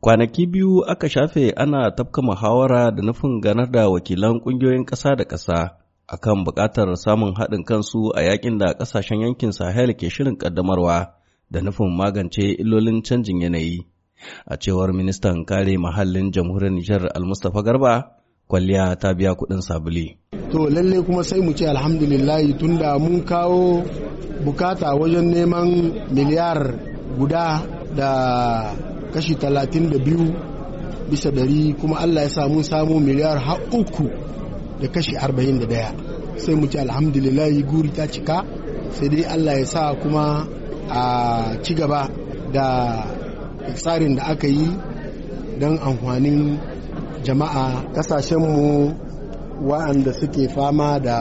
Kwanaki biyu aka shafe ana tafka muhawara da nufin ganar da wakilan ƙungiyoyin ƙasa da ƙasa akan buƙatar samun haɗin kansu a yakin da ƙasashen yankin Sahel ke shirin ƙaddamarwa da nufin magance illolin canjin yanayi. A cewar ministan kare muhallin jamhuriyar Nijar Almustapha Garba, kwalliya ta biya kuɗin sabuli. To lalle kuma sai mu ce alhamdulillahi tunda mun kawo bukata wajen neman miliyar guda da kashi 32 bisa dari kuma allah ya samu samu miliyar har uku da kashi 41 sai mu ci alhamdulillah guri ta cika sai dai allah ya sa kuma a ci gaba da tsarin da aka yi don amfanin jama'a kasashenmu wa'anda suke fama da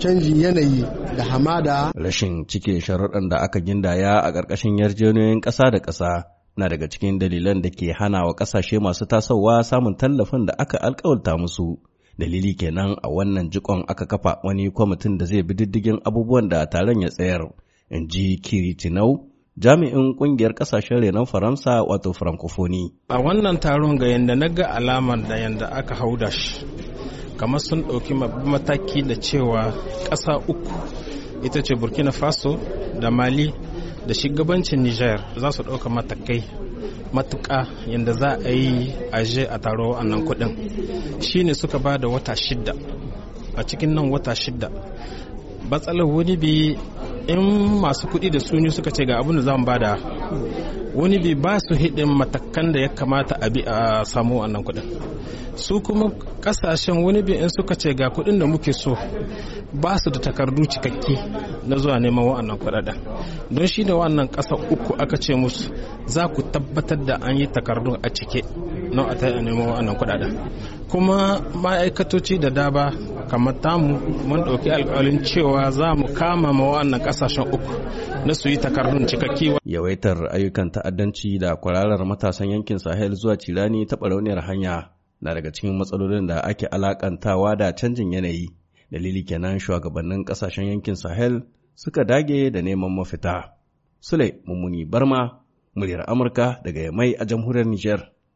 canjin yanayi da hamada rashin cike sharuɗan da aka gindaya a ƙarƙashin yarjejeniyoyin ƙasa da ƙasa na daga cikin dalilan da ke hana wa ƙasashe masu tasowa samun tallafin da aka alkawalta musu. Dalili kenan a wannan jikon aka kafa wani kwamitin da zai bi diddigin abubuwan da taron ya tsayar, in ji Kiritinau, jami'in kungiyar ƙasashen renon faransa wato francophone a wannan taron ga yadda na ga alamar da yadda aka da shi kamar sun ɗauki mataki da cewa ƙasa uku ita ce burkina faso da mali da shugabancin niger za su ɗauka matakai matuƙa yadda za a yi aje a taro wa'annan kuɗin shine suka ba da wata shidda a cikin nan wata shida batsalar wani bi in masu kuɗi da suni suka ce ga abin da za mu ba da. wani bi ba su hidin matakan da ya kamata a bi a samu wannan kuɗin su kuma kasashen wani bi in suka ce ga kuɗin da muke so ba su da takardu cikakki na zuwa neman wa'annan kudaden don shi da wannan kasa uku aka ce musu za ku tabbatar da an yi takardun a cike don a a nemo wannan kuɗaɗen kuma ma'aikatoci da daba kamar tamu mun ɗauki alƙalin cewa za mu kama ma wannan ƙasashen uku na su yi takardun cikakki yawaitar ayyukan ta'addanci da kwararar matasan yankin sahel zuwa cirani ta barauniyar hanya na daga cikin matsalolin da ake alakantawa da canjin yanayi dalili kenan shugabannin ƙasashen yankin sahel suka dage da neman mafita sule mummuni barma muryar amurka daga mai a jamhuriyar Nijar.